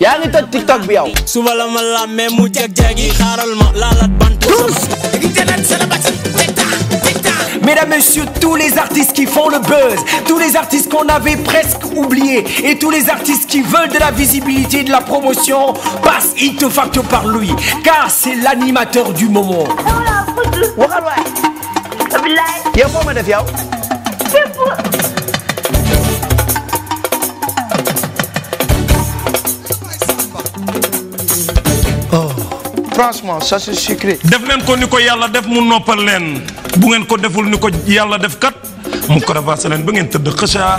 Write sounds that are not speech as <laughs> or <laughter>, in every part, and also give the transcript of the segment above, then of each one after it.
yaa ngi toj tiktok bi yow. suba la ma làmmee mu jag-jagi xaaral ma laalaat bant. Mesdames, Messieurs, tous les artistes qui font le buzz, tous les artistes qu'on avait presque oubliés et tous les artistes qui veulent de la visibilité et de la promotion passent ipto par lui car c'est l'animateur du moment. waxal waay. yow moo ma franchement ça c'est sucré. def leen ko ni ko yàlla def mu noppal leen bu ngeen ko deful ni ko yàlla def kat mu crevasse leen ba ngeen tëdd xëcaa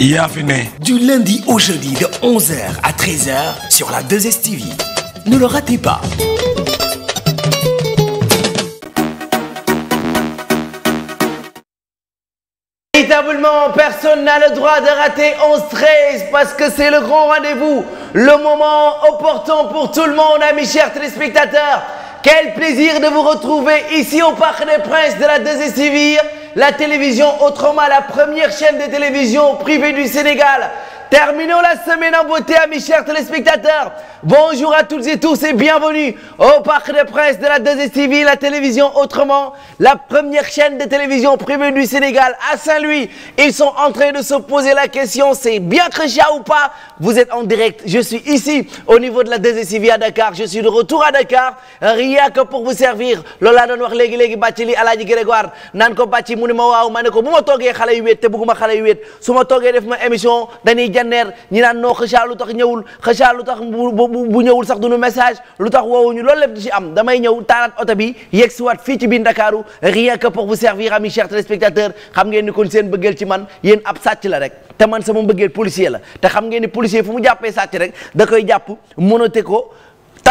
yaa fi ne. du lundi au jeudi de 11h à 13h sur la 2STV. Ne le ratez pas. Véritablement, personne n'a le droit de rater parce que c'est le grand rendez-vous, le moment opportun pour tout le monde, amis chers téléspectateurs. Quel plaisir de vous retrouver ici au Parc des Princes de la 2STV, la télévision autrement la première chaîne de télévision privée du Sénégal. Terminons la semaine en beauté, amis chers téléspectateurs. Bonjour à toutes et tous et bienvenue au Parc des Princes de la 2STV, la télévision autrement, la première chaîne de télévision privée du Sénégal à Saint-Louis. Ils sont en train de se poser la question, c'est bien Kheucha ou pas? Vous êtes en direct. Je suis ici au niveau de la 2STV à Dakar. Je suis de retour à Dakar rien que pour vous servir. Loolu laa doon wax léegi léegi bàcci li Alaaji Grégoire naan ko bàcci ma ko ma toogee xale yu wéet te bëgguma xale yu wéet su ma toogee def ma émission dañuy janneer ñi naan noo Kheucha lu tax ñëwul Kheucha lu tax bu ñëwul sax nu message lu tax woowuñu loolu lépp di ci am damay ñëw taalaat oto bi yegg si fii ci biir Ndakaaru rien que seex vous servir amis chers téléspectateurs xam ngeen ni ko seen bëggeel ci man yéen ab sàcc la rek te man sama bëggeel policier la te xam ngeen ni policier fu mu jàppee sàcc rek da koy jàpp monote ko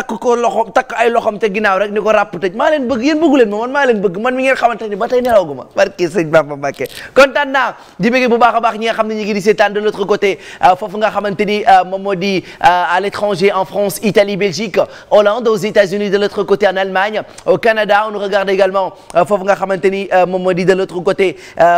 takk ko loxom takk ay loxom te ginnaaw rek ni ko ràpp tëj maa leen bëgg yéen bëggu leen ma man maa leen bëgg man mi ngeen xamante ni ba tey nelawaguma barki sëñ Bamba Mbàkke kontaan naa di bëgg bu baax a baax ñi nga xam ne ñu ngi di seetaan de l'autre côté euh, foofu nga xamante ni euh, moom moo di euh, à l'étranger en France Italie Belgique Hollande aux États-Unis de l'autre côté en Allemagne au Canada on nous regarde également foofu nga xamante ni moom moo di de l'autre côté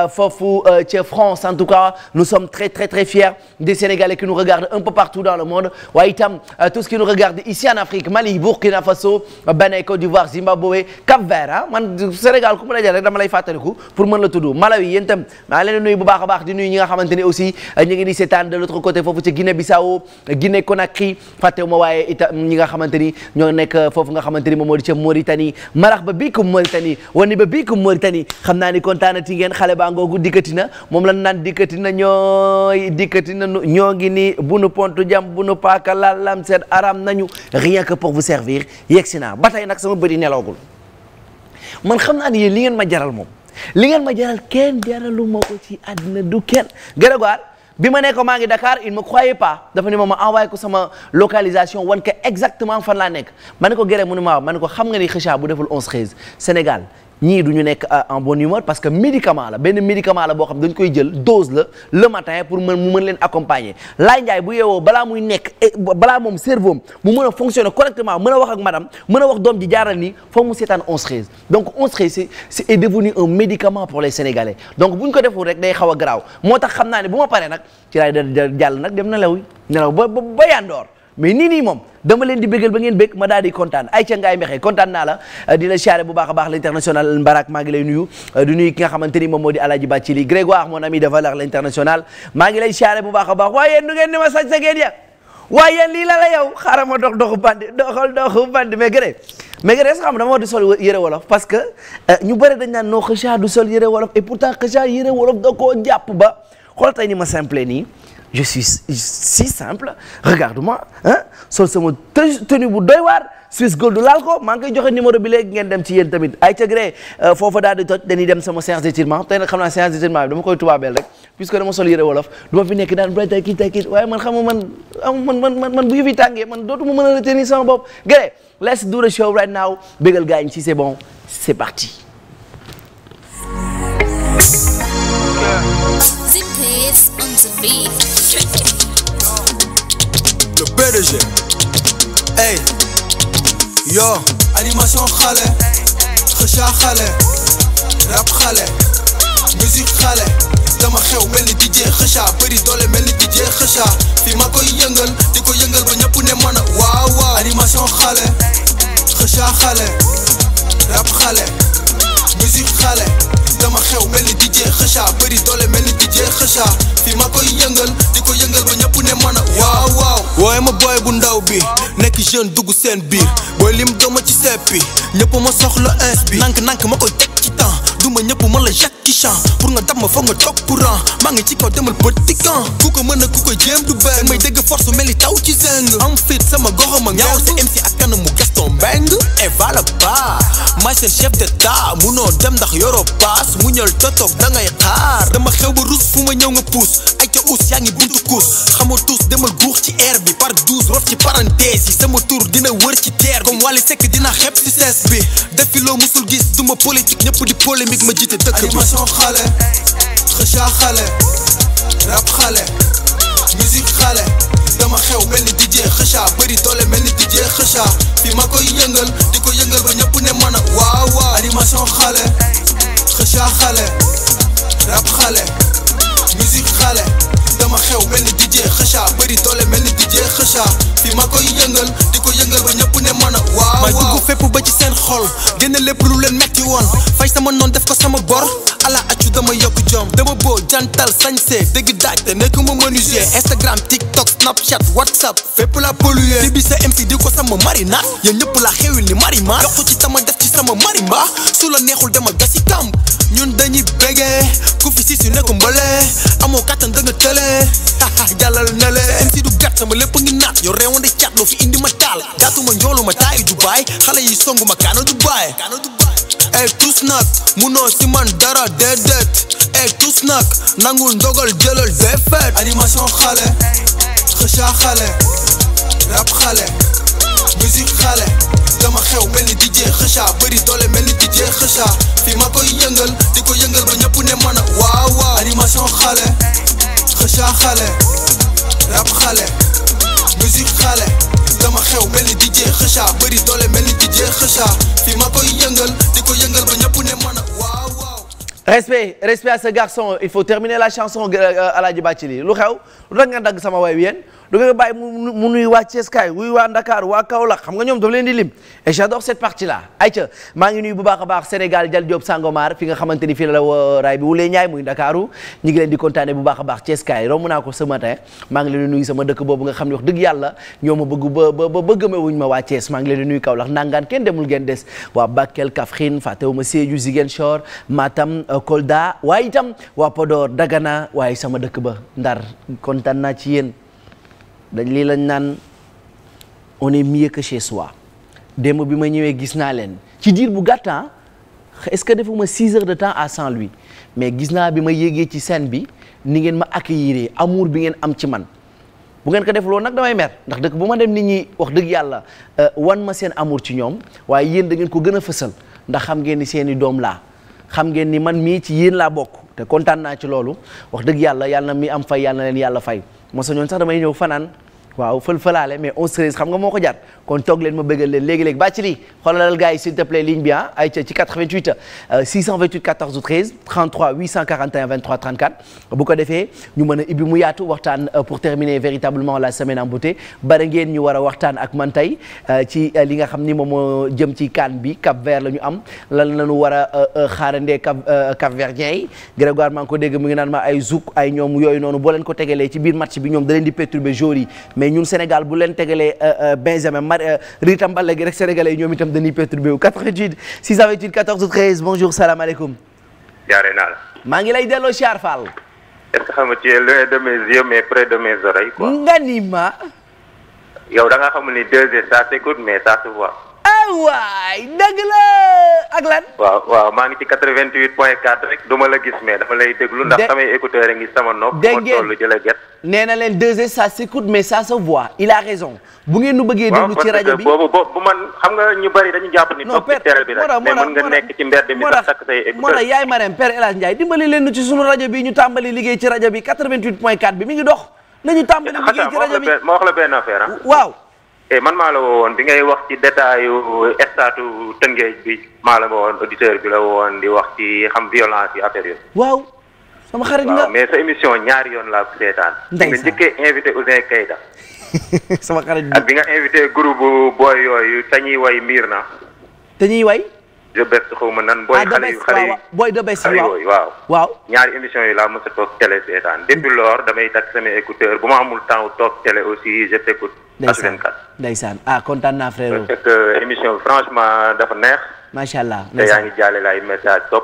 foofu ca France en tout cas nous sommes très très très fiers des Sénégalais qui nous regardent un peu partout dans le monde waaye itam tout ce qui nous regarde ici en Afrique Mali Burkina Faso Bénin Côte d'Ivoire Zimbabwe Cap-Vert ah man Sénégal ku mu dajale rek dama lay fàttaliku pour mën la tudd Malawi yéen itam maa leen nuyu bu baax a baax di nuyu ñi nga xamante aussi eh, nga xamante nga xamante ni moom moo di ca Mauritanie ba bii ko Mauritanie wani ba bii ko Mauritanie xam naa ni kontaanati ngeen xale baa ngoogu dikkati na moom lan naan dikkati na ñooy dikkati na ñoo jam bu paaka lalam aram nañu rien pour vous servir yegsi naa ba tey nag sama bëri nelawagul man xam naa ne yéen li ngeen ma jaral moom li ngeen ma jaral kenn jaralu ma ko ci àddina du kenn Grégoire bi ma ne maa ngi Dakar il ma croyait pas dafa ne ma ma envoyé ko sama localisation wan exactement fan laa nekk ma ne ko Gré mu ne ma waaw ne ko xam nga ni Kheucha bu deful 11 13 Sénégal ñii du ñu nekk en bonne humeur parce que médicament la benn médicament la boo xam dañ koy jël dose la le matin pour mën mu mën leen accompagner Laye Ndiaye bu yeewoo balaa muy nekk eh, bala moom cerveau mu mën a fonctionner correctement mën a wax ak madame mën a wax doom ji jaaral nii foog mu seetaan onze treize donc onze treize c'est est devenu un médicament pour les Sénégalais donc bu ñu ko deful rek day xaw a garaaw moo tax xam naa ne bu ma paree nag ci laay nag dem na law nelaw ba ba mais nii nii moom dama leen di bégal ba ngeen bég ma daal di kontaan ay ca ngaay mexee naa la euh, di la siyaare bu baax a baax l'international Mbarak maa ngi lay nuyu euh, di nuyu ki nga xamante moo di Alaaji Bàccili Grégoire mon ami ngi lay siyaare bu baax a baax waaye nu ngeen ni ma sañ sa ngeen waaye lii la la yow xaaral ma dox doxu bandi doxal doxu bandi mais gëré mais gëré xam dama wax du sol yëre wolof parce que euh, ñu bëri dañ naan noo Kheucha du sol yëre wolof et pourtant Kheucha yëre wolof da koo jàpp ba xool tey ni ma simple nii je suis si simple regarde-moi ah sol sama tenue bu doy waar Suisse Gold laal ko maa ngi koy joxe numéro bi léegi ngeen dem ci yéen tamit ay cagré euh, foofa daal di toj dañuy dem sama séance d'étirement tey nag xam naa séance d'étirement bi dama koy tubaabeel rek puisque dama sol yére wolof du ma fi nekk daan bay tay kii tay kii waaye man xam man bu yëf yi tàngee man dootuma mën a retenir sama bopp let's do the show right now bégal gaañ si c'est bon c'est parti le PDG hey yo animation xale xëca xale rap xale musique xale dama xew mel ni DJ xëca bëri doole mel ni DJ xëca fi ma koy yëngal di ko yëngal ba ñëpp a waaw xale xëca xale rap xale musique xale dama xew mel ni DJ xëca bëri doole mel ni DJ xëca fi ma koy wooye ma booy bu ndaw bi nekk jeune dugg seen biir booy lim dooma ci seppi ñëpp ma soxla ins bi nank nank ma ko teg ci temps duma ñëpp ma la jat ci champ pour nga dab ma foog nga toog courant maa ngi ci kaw demal petit camp ku ko mën na ku ko jéem du benn may dégg force mel ni taw ci zeng am fit sama goxam ak ñaaw si MC ak kanamu Gaston Mbengue et vala ba maay seen chef d'état munoo dem ndax yoroo paas mu ñël totoog da ngay xaar dama xew ba rus fu ma ñëw nga puus ay ca us yaa ngi buntu kuus xamoo tuus demal guux ci air bi par douze rof ci parenthèse yi sama tur dina wër ci terre comme Wally Seck dina xepp ci sees bi defi loo musul gis duma politique ñëpp di polémique ma jiite dëkk a animation xale xëcca xale rap xale musique xale dama xew mel ni DJ xëcca bëri doole mel ni DJ xëcca fi ma koy yëngal di ko yëngal façon xale xëcca xale rap xale musique xale dama xew mel ni DJ Kheucha bëri doole mel ni DJ Kheucha fi ma koy yëngal di ko yëngal ba ñëpp ne mën a waaw ma dugg fépp ba ci seen xol génne lépp lu leen metti woon fay sama noon def ko sama bor ala accu dama yokk jom dama boo jantal sañse dëgg daaj te nekk ma menuisier Instagram TikTok Snapchat WhatsApp fépp la polluer di bi sa MC di ko sama marinade yéen ñëpp la xewil ni marima yokk ci sama def ci sama marimba su la neexul dama <laughs> jalal na le MC du gàtt sama lépp ngi naat yow reewande cat loo fi indi ma taal daatuma njoolu ma taayu Dubaay xale yi songu ma a Dubaay ey tus nag munoo si man dara déedéet ey tus nag nangul ndogal jëlal défaite animation xale xëca xale rap xale musique xale dama xew mel ni DJ xëca bëri doole mel ni DJ xëca fi ma koy yëngal di ko yëngal ba ñëpp ne mana waaw waaw animation xale xëcca xale rap xale musique xale dama xew mel ni DJ xëcca bëri doole mel ni DJ xëcca fi ma koy yëngal di ko yëngal ba ñëpp ne mën a waaw waaw respect respect à ce garçon il faut terminer la chanson Alaaji Bàcci li lu xew lu tax nga dagg sama waay wi yéen du baay bàyyi mu mu waa Thiès kaay wuy waa Dakar waa Kaolack xam nga ñoom daf leen di lim et j'adore cette partie là ayca maa ngi nuy bu baax a baax Sénégal Jal sango Sangomar fi nga xamante ni fii la euh, raay bi wulee ñaay muy Dakaru ñu ngi leen di bu baax a baax Thiès kaay romb naa ko ce matin maa ngi leen di nuyu sama dëkk boobu nga xam ne wax dëgg yàlla ñoo ma bëgg ba ba gëmewuñ ma waa Thiès maa ngi leen di nuyu Kaolack nangaan kenn demul ngeen des waa Bakel Kaffrine fàttewuma Sédhiou Ziguinchor Matam euh, Kolda waaye itam waa Podor Dagana waaye sama dëkk ba Ndar kontaan naa ci yéen dañ lii lañ naan on est mieux que chez soi démb bi may ñëwee gis naa leen ci diir bu gàtt est-ce que defuma six heures de temps à Saint-Louis mais gis naa bi may yéegee ci seen bi ni ngeen ma accueillir amour bi ngeen am ci man bu ngeen ko def loolu nag damay mer ndax dëkk bu ma dem nit ñi wax dëgg yàlla euh, wan ma seen amour ci ñoom waaye yéen da ngeen ko gën a fësal ndax xam ngeen ni seeni doom laa xam ngeen ni man mii ci yéen laa bokk te kontaan naa ci loolu wax dëgg yàlla yàlla na am fay yàlla yàlla fay waaw fël-fëlaale mais on cerise xam nga moo ko jar kon toog leen ma bëggal leen léegi-léegi bàcci li xoolalal gars yi s'il te plaît ligne bi ah ay ca ci 88 628 14 13 bu ko defee ñu mën a ibbi mu yaatu waxtaan euh, pour terminer véritablement la semaine en beauté bari ngeen ñu war a waxtaan ak man tey euh, ci euh, li nga xam ni moom moo jëm ci CAN bi Cap Vert la ñu am lan la ñu war a xaarandee Cap Cap Verdien yi Grégoire ko dégg mu ngi naan ma ay zouk ay ñoom yooyu noonu boo leen ko tegalee ci biir match bi ñoom da leen di perturber joueurs mais ñun Sénégal bu leen tegalee euh, euh, Benjamin Mar euh, Ritam Balla gi rek sénégalais yi ñoom itam dañuy perturbé wu 88 628 14 13 bonjour salaamaaleykum. jaaree naa la. maa ngi lay delloo Chiar Fall. est-ce que xam nga tu es loin de mes yeux mais près de mes oreilles quoi. nga ni ma. yow da nga xam ni 2 heures ça mais ça te voit. Ah, waay dëgg la ak lan. waaw waaw maa ngi ci 88 point 4 rek du ma la gis mais dama lay déglu. ndax samay écouteurs yi ngi sama nopp. dégg ngeen ma toll jëlee gerte. nee na leen 2S ça s'écoute mais ça se voit il a raison. bu ngeen bëggee déglu ci rajo bi boobu man xam nga ñu bari dañu jàpp ni. non père Mora Mora mais mën nga nekk ci mbedd mi sax takk say yaay ma père El Hadj dimbali leen ci sunu rajo bi ñu tàmbali liggéey ci rajo bi 88 point 4 bi mi ngi dox Eh, man maa la woon bi ngay wax ci détail yu statu Tëngéej bi maa la woowoon auditeur bi la woon di wax ci xam violence yi affaire yooyu. waaw sama xarit nga mais sa émission ñaari yoon laa ko seetaan. nga njëkkee invité Ouzin Keita. <laughs> sama xarit bi ak bi nga invité group booy yooyu te ñuy way miir na. te ñuy way. de best xaw ma nan. booy ah, xale yu xale yi waaw waaw. ñaari émission yi laa mos a toog télé seetaan depuis lors damay takk sama écouteur bu ma amul temps toog télé aussi je t'écoute. ndeysaan ndeysaan ah kontaan naa frère. parce que euh, émission bi franchement dafa neex. macha allah te yaa ngi jàllale ay message top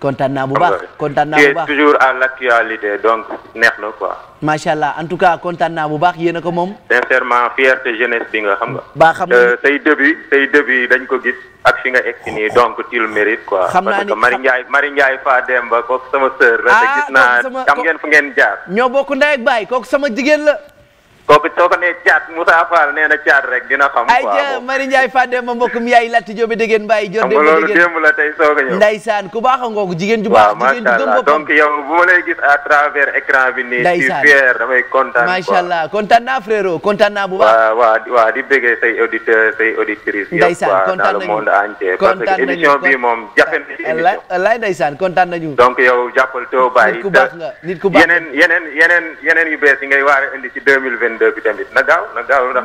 kontaan naa bu baax kontaan naa bu baax toujours à l'actualité donc neex na quoi. macha allah en tout cas kontaan bu baax yéen ko moom. sincèrement fierté jeunesse bi nga xam nga. ba xam nga euh, say début say début dañ ko gis ak fi nga egg si nii donc il mérite quoi. xam naa ni parce que Marie Ndiaye Marie Ndiaye Fa Demba sama sœur la. ah gis naa xam ngeen fu ngeen jaar. ñoo bokk ndey ak baay kooku sama jigéen la. kooku soo ko nee caat Moussa Fall nee na caat rek dina xam. waaw ayca Marie Ndiaye Fadé ma mbokk mi yaay Lati Diop dégg mbaay jor de loolu démb la tey soog a ñëw. ndaysaan ku baax a ngoogu jigéen ju baax. jigéen ju gëm boppam donc yow bu ma lay gis à travers écran bi nii. ndaysaan fier damay kontaan. macha allah kontaan naa frérot kontaan na ci émission. wallaay ndaysaan kontaan nañu. donc yow jàppal too baax 2022 bi tamit na gaaw na gaaw ndax.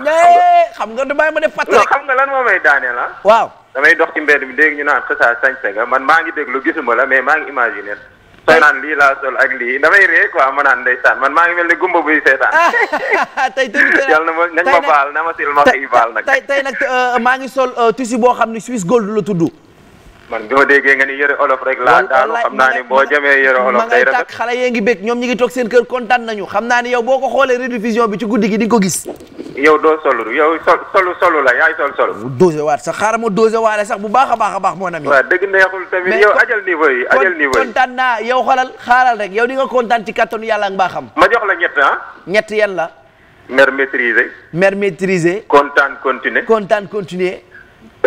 xam nga damay ma def fàttali rek. xam lan moo may daaneel ah. waaw damay dox ci mbedd mi dégg ñu naan xësa sañse nga man maa ngi déglu gisuma la mais maa ngi imaginer. soo naan lii laa sol ak lii damay ree quoi ma naan ndeysaan man maa ngi mel ni gumba buy seetaan. Ah, <laughs> tey tamit <laughs> yàlla na ma nañ ma baal na ma ma baal nag. tey tey nag euh, maa ngi sol euh, tissu boo xam ne Swiss Gold la tudd. man boo déggee nga ni yëre olof rek laa daanu xam naa ni boo jamee yëre olof day rafet xale yee ngi bég ñoom ñu ngi toog seen kër kontaan nañu xam naa ni yow boo ko xoolee rediffusion bi ci guddi gi di ko gis yow doo solu yow sol solu solu la yaay sol solu dosé waat sax xaaral ma dosé waale sax bu baax a baax a baax moo nami waaw dëgg neexul tamit yow ajal niveau yi ajal niveau yi kontaan naa yow xoolal xaaral rek yow di nga kontaan ci kattanu yàlla ak baaxam ma jox la ñett ah ñett yan la mer maîtrisé mer kontaan continuer kontaan continuer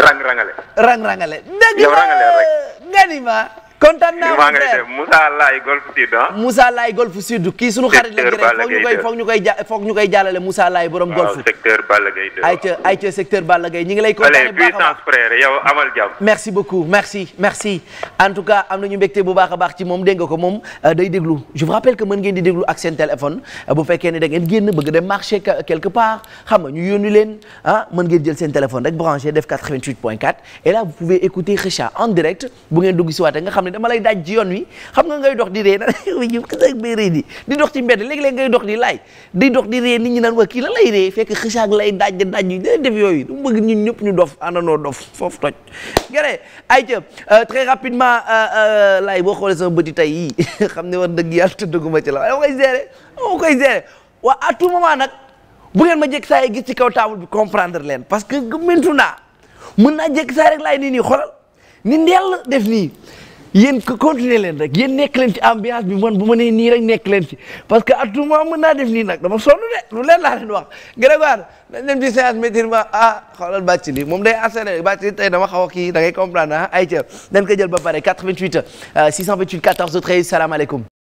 rang rangale. rang rangale. dëgg la yow rangale rek. nga ni ma. kontaan naa maa ngi lay def Moussa Laye Golf Sud ah. Moussa Laye Golf Sud kii sunu xarit la ngi rek foog ñu koy foog ñu koy ja foog ñu koy jàllale Moussa Laye borom golf. waaw secteur Balla Gaye 2 ayca ayca secteur Balla Gaye ñu ngi lay. kontaanee bu baax a baax frère yow amal jàmm. merci beaucoup merci merci en tout cas am nañu mbégte bu baax a baax ci moom dégg nga ko moom euh, day déglu je vous rappelle que mën ngeen di déglu ak seen téléphone euh, bu fekkee ne da ngeen génn bëgg dem marché quelque part xam nga ñu yónni leen ah mën ngeen jël seen téléphone rek branché def 88.4 et là vous pouvez écouter Kheucha en direct bu ngeen dugg si waate nga xam dama lay daaj ci yoon wi xam nga ngay dox di ree naan yow xisaag bay ree di di dox ci mbedd léeg-léeg ngay dox di laay di dox di ree nit ñi naan waa kii la lay ree fekk xisaag lay daaj da daaj yu def yooyu du bëgg ñun ñëpp ñu dof àndandoo dof foofu toj gere ay ca euh, très rapidement euh, euh, laay boo xoolee sama bëti tay yi <laughs> xam ne war dëgg yàlla te dëgguma ci la waaye ma koy gérer ma koy gérer waa nag bu ngeen ma jekk saa yi gis ci kaw table bi comprendre leen parce que maintenant mën naa jekk saa rek laay nii nii xoolal ni ndeel def nii yéen continuer leen rek yéen nekk leen ci ambiance bi man bu ma nee nii rek nekk leen ci parce que a tout moment mën naa def nii nag dama sonn de lu leen laa leen wax Grégoire dañ dem ci séance météo ma ah xoolal bàcc li moom day enchaîner bàcc li tey dama xaw a kii da ngay comprendre ah ay ca dañ ko jël ba pare 88 628 14 13 salaamaaleykum